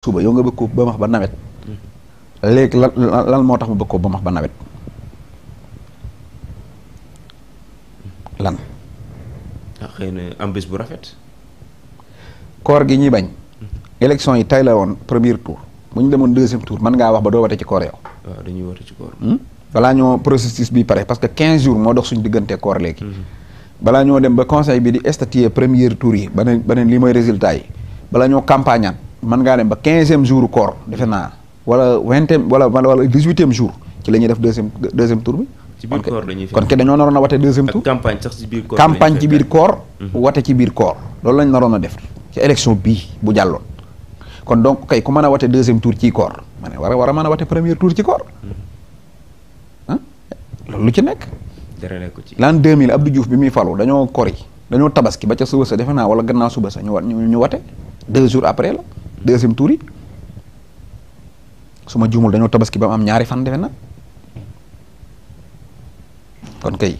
suba yow nga bëgg ko ba max ba nawet léegi lan moo tax mu bëgg ko ba max ba nawet lan. Ah, xëy na am bés bu rafet. koor gi ñuy bañ. Mm-hmm. élection yi tay la woon premier tour bu ñu demoon deuxième tour mën ngaa wax ba doo wate ci koor yow. waaw dañuy wate ci koor. Hmm? balaa ñoo processus bi pare parce que 15 jours moo dox suñ diggante koor léegi. Mm-hmm. balaa ñoo dem ba conseil bi di statuer premier tour yi ba ne ba lii mooy résultat yi balaa ñoo campagnat. mën ngaa dem ba quinzième jour koor defe naa wala vingtième wala wala dix-huitième jour ci la ñuy def deuxième deuxième tour bi. ci biir koor la ñuy kon ke dañoo naroon a wate deuxième tour campagne sax ci biir koor campagne ci mhm. koor. loolu lañ naroon a def ci élection bii bu jàlloon. kon donc kay ku mën a wate deuxième tour ci koor ma ne war a war a mën a wate premier tour ci koor. Mhm. loolu ci nekk. dara nekk ci l'an 2000 Abdou Diouf bi muy falu dañoo kori dañoo tabaski ba ca suba sa defe naa wala gannaaw suba sa ñu ñu wate deux jours après la. deuxième tour yi su ma juumul dañoo tabaski ba am ñaari fan defe na kon kay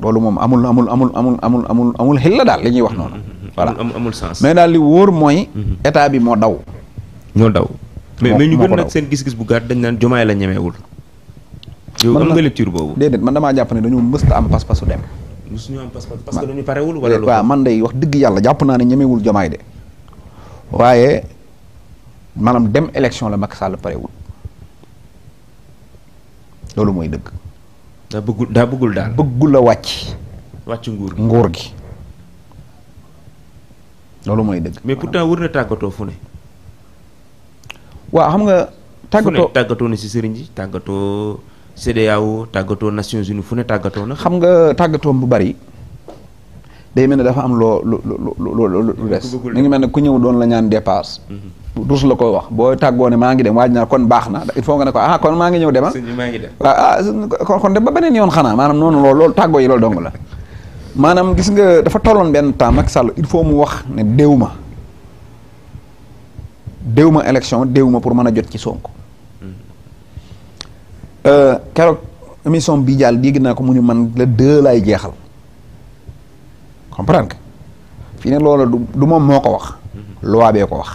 loolu moom amul amul amul amul amul amul amul xel la daal li ñuy wax noonu. Mm-hmm. voilà amul sens mais daal li wóor mooy. Mm-hmm. état bi moo daw. ñoo daw. mais mais ñu gën nag seen gis-gis bu gàtt dañ naan jomaay la ñemewul. yow am nga lecture boobu. déedéet man damaa jàpp ne dañoo mësta am pas-pasu dem. mësuñu am pas-pas parce que dañu parewul wala. waaw man day wax dëgg yàlla jàpp naa ne ñemewul jomaay de waaye. maanaam dem élection la Macky Sall parewul loolu mooy dëgg. daa bëggul daa bëggul daal. bëggul la wàcc. wàcc nguur gi nguur gi. loolu mooy dëgg. mais pourtant wër na tàggatoo fu ne. waaw xam nga. tàggatoo tàggatoo na si sëriñ ji tàggatoo CEDEAO tàggatoo Nations Unies fu ne tàggatoo na. xam nga tàggatoo bu bari. day mel ne dafa am loo lu lu lu des mi ngi mel ne ku ñëw doon la ñaan dépasse mm-hmm. rus la koy wax boo tàggoo ne maa ngi dem waaj naa kon baax na il faut nga ne ko ah kon maa ngi ñëw demal ah, ah kon kon dem ba beneen yoon xanaa maanaam noonu loolu loolu tàggoo yi loolu dong la maanaam gis nga dafa tolloon benn temps Macky Sall il faut mu wax ne déw ma déw ma élection déw ma pour mën a jot ci Sonko mm-hmm. euh, keroog émission bi jàll dégg naa ko mu ni man la deux laay jeexal comprendre que fii ne loola du moom moo ko wax mhm. luwaabee ko wax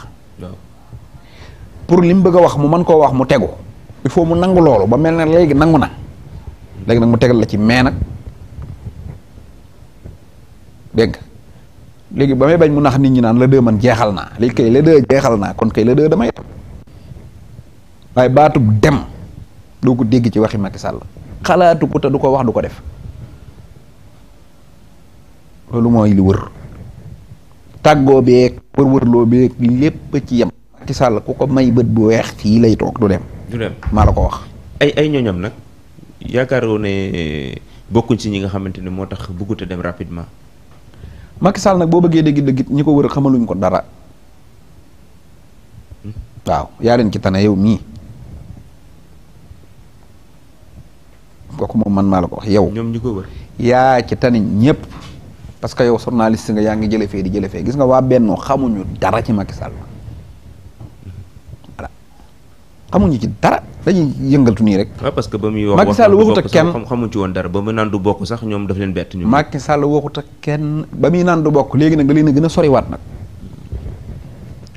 pour li mu bëgg a wax mu mën koo wax mu tegu il faut mu nangu loolu ba mel na léegi nangu na léegi nag mu teg la ci mais nag dégg léegi ba may bañ mu nax nit ñi naan la deux man jeexal naa léegi kay la deux jeexal naa kon kay la deux damay dem waaye baatub dem doo ko dégg ci waxi Macky Sall xalaatu ko te du ko wax du ko def loolu mooy li wër tàggoo beeg wër-wërloo beeg lépp ci yem. Macky Sall ku ko may bët bu weex fii lay toog du dem. du maa la ko wax. ay ay ñooñam nag yaakaaroo ne bokkuñ ci ñi nga xamante ni moo tax bëggut dem rapidement. Macky Sall nag boo bëggee dégg dëggit ñi ko wër a xamaluñ ko dara. Hmm? waaw yaa leen ci tane yow mii. kooku moom man maa la ko wax yow. ñoom ñi ko wër. yaa ci tani ñëpp. parce que yow journaliste nga yaa ngi jële fee di jële fee gis nga waa Bennoo xamuñu dara ci Macky Sall xamuñu ci dara dañuy yëngaltu nii rek. waaw ah, parce que ba muy wax Macky Sall waxut ak kenn ci woon dara ba muy naan du bokk sax ñoom daf leen bett ñu. Macky Sall waxut ak kenn ba muy naan du bokk léegi nag nga leen gën a soriwaat nag.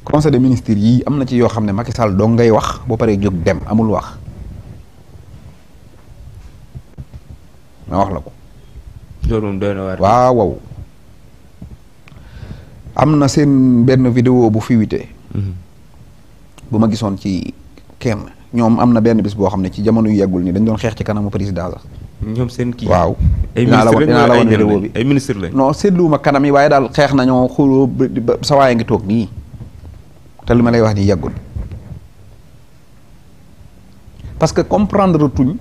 conseil des ministres yii am na ci yoo xam ne Macky Sall doo ngay wax boo paree jóg dem amul wax ma wax la ko. waaw am na seen benn video bu fuité mhm. bu ma gisoon ci kenn ñoom am na benn bis boo xam ne ci jamono yu yàggul ni dañ doon xeex ci kanamu président sax ñoom seen waaw dinaa la won dinaa la won vidéo bi ay ministre lañ non seetluwuma kanam yi waaye daal xeex nañoo xuloo sa waaye ngi toog nii li ma lay wax nii yàggul parce que comprendre tuñ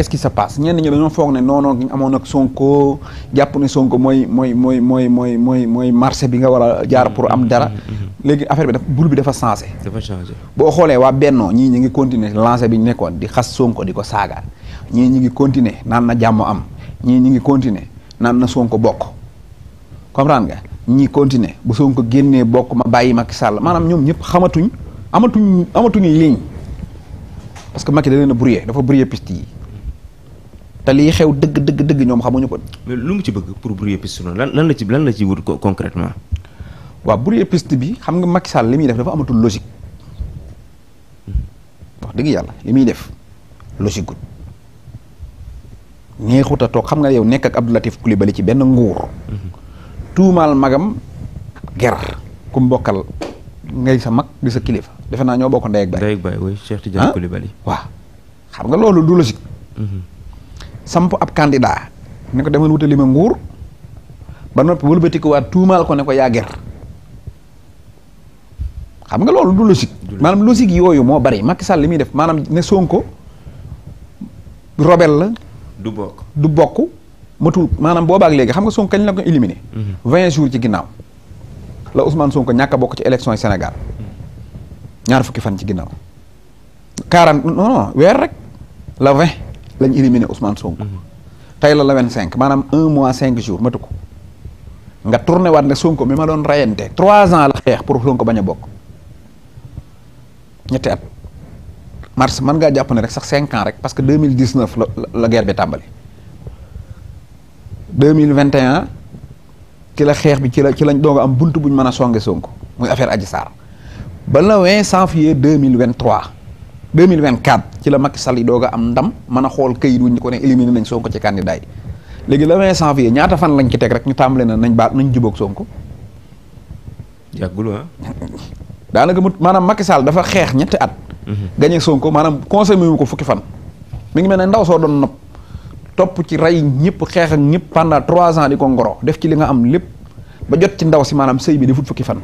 qu'est-ce qui se passe ñenn ñi dañoo foog ne noonu gi amoon ak Sonko jàpp ne Sonko mooy mooy mooy mooy mooy mooy mooy marché bi nga war a jaar pour am dara. Mm, mm, mm, léegi affaire bi dafa bul bi dafa changé. dafa changé boo xoolee waa Bennoo ñii ñu ngi continuer lancé bi ñu nekkoon di xas Sonko di ko saaga ñii ñu ngi continuer naan na jàmm am ñii ñu ngi continuer naan na Sonko bokk comprendre nga. ñi continuer bu Sonko génnee bokk ma bàyyi Macky Sall maanaam ñoom ñëpp xamatuñ amatuñ amatuñu ligne parce que Macky da leen a brouillé dafa brouillé piste yi. te lii xew dëgg dëgg dëgg ñoom xamuñu ko. lu mu ci bëgg pour brouiller piste lan lan la ci lan la ci wut concrètement. waaw brouiller piste bi xam nga Macky Sall li muy def dafa amatul logique dëgg yàlla li muy def logique gut a toog xam nga yow nekk ak Abdou Latif Coulibaly ci benn nguur. tuumaal magam ger ku mbokkal ngay sa mag di sa kilifa defe naa ñoo bokk ndey ak baay. ndey ak ah? xam nga loolu du logique. Mhm. samp ab candidat ne ko demal wutali ma nguur ba noppi wëlbatikuwaat tuumaal ko ne ko yaa ger xam nga loolu du logique maanaam logique yooyu moo bari Macky Sall li muy def maanaam ne Sonko rebelle la du bokk du bokk matul maanaam boobaak léegi xam nga Sonko kañ la ko éliminé mhm. vingt jours ci ginnaaw la Ousmane Sonko ñàkk a bokk ci élection yi Sénégal mhm. ñaar fukki fan ci ginnaaw quarante weer rek la vingt lañ éliminé Ousmane Sonko. Mhm. tey la la vingt cinq maanaam un mois cinq jours matu ko nga tourné waat ne Sonko mi ma doon rayante trois ans la xeex pour Sonko bañ a bokk ñetti at mars mën ngaa jàpp ne rek sax cinq ans rek parce que deux mille dix neuf la la guerre bi tàmbali deux mille vingt et un ci la xeex bi ci la ci lañ doog a am bunt buñ mën a songe Sonko muy affaire aji Sarr ba le vingt janvier deux mille vingt 2024 ci la Macky Sall yi doog a am ndam mën a xool këyit ñu ko ne éliminé nañ Sonko ci candidat yi léegi le 20 janvier ñaata fan lañ ci teg rek ñu tàmbale na nañ baal nañ Sonko. yàggul ah. daanaka mu maanaam Macky Sall dafa xeex ñetti at. Mhm. gañe Sonko maanaam conseil mu ko fukki fan. mi ngi mel ne ndaw soo doon nopp topp ci rey ñëpp xeexal ak ñëpp pendant trois ans di ko ngoro def ci li nga am lépp ba jot ci ndaw si maanaam sëy bi defut fukki fan.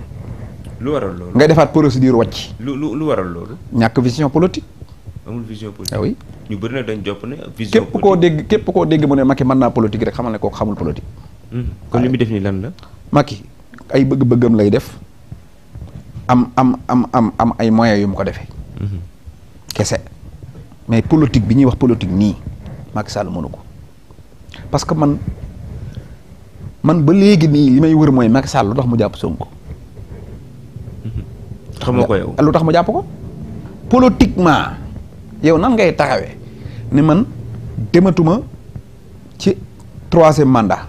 lu waral ngay defaat procédure wàcc. lu lu lu waral loolu. ñàkk vision politique. amul vision politique ah ñu bëri dañ jàpp ne vision. képp koo dégg képp koo dégg mu ne Macky man naa politique rek xamal ne kooku xamul politique. Hmm. kon li muy def nii lan la. Macky ay bëgg-bëggam lay def am am am am am ay moyens yu mu ko defee. Hmm. kese mais politique bi ñuy wax politique nii Macky Sall mënu ko parce que man man ba léegi nii li may wër mooy Macky Sall lu tax mu jàpp Sonko. xamoo lu tax mu jàpp ko politiquement yow nan ngay taxawee ni man dematuma ci troisième mandat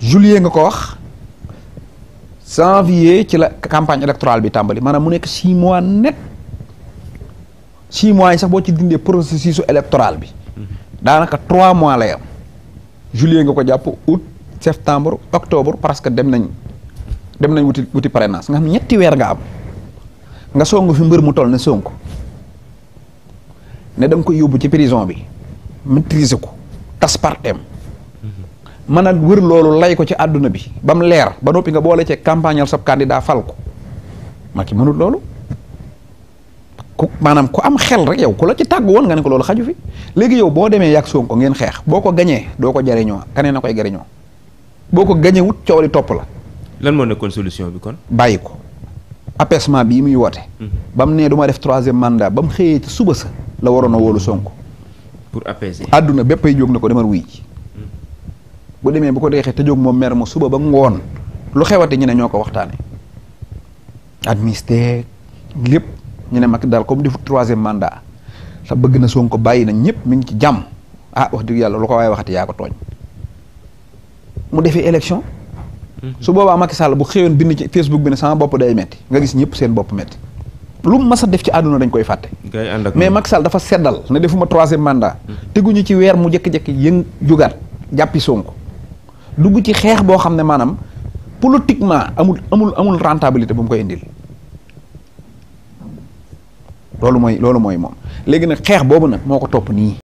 juillet nga ko wax janvier ci la campagne électorale bi tàmbali maanaam mu nekk six mois net six mois yi sax boo ci dindee processus électoral bi daanaka trois mois lay am juillet nga ko jàpp août septembre octobre parce que dem nañ dem nañ wuti wuti parrainage nga xam ñetti weer nga am nga songu fi mbër mu toll ne Sonko ne da nga koy yóbbu ci prison bi maîtriser ko tas partem man mhm. a wër loolu lay ko ci àdduna bi ba mu leer ba noppi nga boole ci campagnal sab candidat fal ko ma ki mënut loolu ku maanaam ku am xel rek yow ku la ci tàggu woon nga ne ko loolu xaju fi léegi yow boo demee yàgg ko ngeen xeex boo ko gañee doo ko jariñoo kanee na koy jariñoo boo ko gañee wut coow li topp la lan moo nekkoon solution bi kon. bàyyi ko apaisement bii muy woote. Hmm. ba mu nee du def troisième mandat ba mu xëyee ci suba sa la waroon a wóolu sonk pour apaiser àdduna bépp ay jóg na ko demal wuy ji. Hmm. bu demee bu ko deexee te jóg moom mer ma suba ba ngoon lu xewate ñu ne ñoo ko waxtaanee. administre lépp ñu ne Macky daal comme defu troisième mandat ta bëgg na Sonko bàyyi na ñëpp mu ngi ci jàmm ah wax dëgg yàlla lu ko waaye waxati yaa ko tooñ mu defee élection. Mhm. su boobaa Macky Sall bu xëyoon bind ci Facebook bi ne sama bopp day metti nga gis ñëpp seen bopp metti lu mu mas a def ci àdduna dañ koy fàtte mais Macky Sall dafa seddal ne defuma troisième mandat mhm. teguñu ci weer mu jékki-jékki yëng jugaat jàppi Sonko dugg ci xeex boo xam ne maanaam politiquement amul amul amul rentabilité bu mu koy indil loolu mooy loolu mooy moom léegi nag xeex boobu nag moo ko topp nii